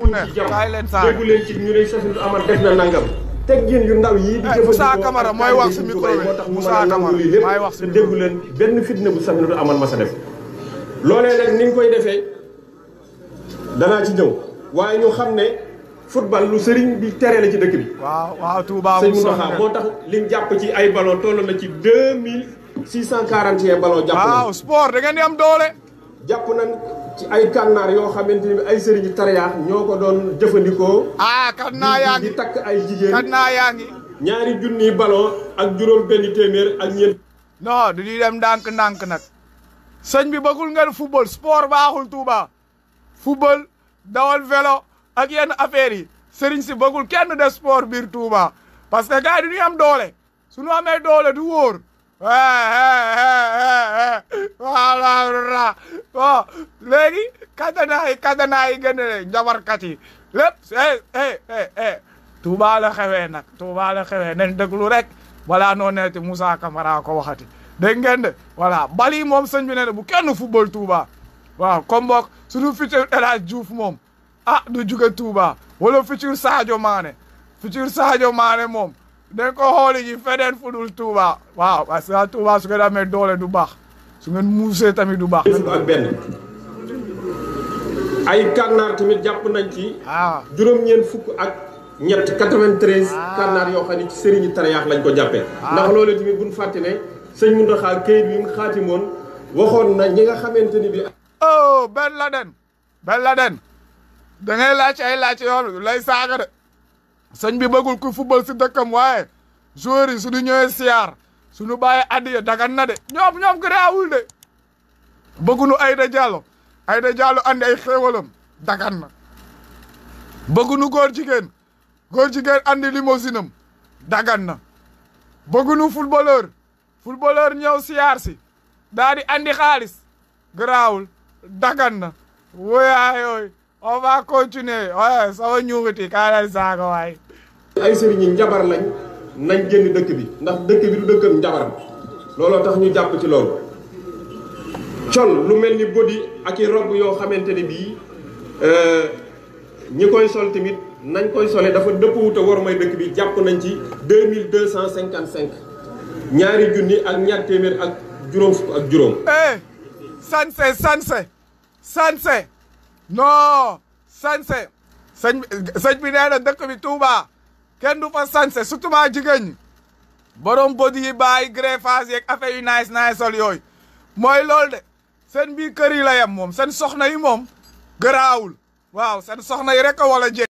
déggu leen ci ñu ne Safinou Amar def na nangam teggin yu ndaw yii di eh, jëfandikoo Moussa Camara mooy wax si micro bi moo tax Moussa Camara lii lépp te déggu leen benn fitna bu Safinou Amar ma sa def loolee ni koy defee danaa ci ñëw waaye ñu xam ne football lu sëriñ bi tere la ci dëkk bi waaw waaw Touba sëñ Mountakha moo tax li jàpp ci ay ballon toll na ci deux mille six cent quarante et un ballon jàpp na ay kànnaar yoo xamante ni ay sëriñu tariyaax ñoo ko doon jëfandikoo. ah kànnaar yaa ngi takk ay jigéen kànnaar yaa ngi. ñaari junniy ballon ak juróom benn téeméer ak ñeent. non du ñuy dem ndànk-ndànk nag. sëñ bi bëggul ngeen football sport baaxul Touba. football dawal velo ak yenn affaires yi sëriñ si bëggul kenn de sport biir Touba parce que gars yi am doole su ñu amee doole du wóor. voilà bon léegi katana yi katana yi gën a leen njabarkat yi lépp eh xewee nag Touba la xewee nañ déglu rek voilà noo neeti Moussa Camara ko waxati dégg ngeen de voilà moom sëñ bi ne bu kenn football Touba waaw comme boog suñu futur El Hadj moom ah du jóge Touba wala futur Sadio Mané futur Sadio Mané moom. dañ ko xooli ji feneen fu dul Touba waaw parce que Touba su ngeen amee doole du baax su ngeen muusee tamit du baax. ak benn ay tamit jàpp nañ ci. waaw ah. juróom-ñeent fukk ak ñett 93. waaw ah. kànnaar yoo xam ne ci sëriñi tariyaax lañ ko jàppee. Ah. ndax loolu tamit bu ñu fàtte ne sëñ Mountakha këyit bi mu xaatimoon waxoon na ñi nga xamante ni bi. oh la Laden Ben Laden da ngay laaj ay laaj yoo lay saaga de. sëñ bi bëggul ku football ci dëkkam waaye joueur yi suñu ñëwee siyaar suñu bàyyi ya dagan na de ñoom ñoom gëraawul de bëggunu ayda Diallo ayda Diallo andi ay xéewalam dagan na nu góor jigéen góor jigéen andi limousine dagan na bëggunu footballeur footballeur ñëw siyaar si dari di andi xaalis gëraawul dagan na woyaa yooyu on va continuer waaye sama ñuuxuti kaa lay waay ay sëriñ njabar lañ nañ génn dëkk bi ndax dëkk bi du dëkkam njabaram looloo tax ñu jàpp ci loolu col lu mel ni bodi ak i robb yoo xamante ne bii euh, ñi koy sol tamit nañ koy sole dafa dëpp wuta war may dëkk bi jàpp nañ ci deux mille deux cent cinquante cinq ñaari junni ak ñaar téeméer ak juróom fukk eh, sanse sanse sanse non sañse sëñ sëñ bi nee na dëkk bi Touba kenn du fa sañse surtout maa jigéen ñi borom bodi yi bàyyi greffage yeeg affaire yu nice nice sol yooyu mooy loolu de seen bii kër yi la yem moom seen soxna yi moom garaawul waaw seen soxna yi rek a wala jé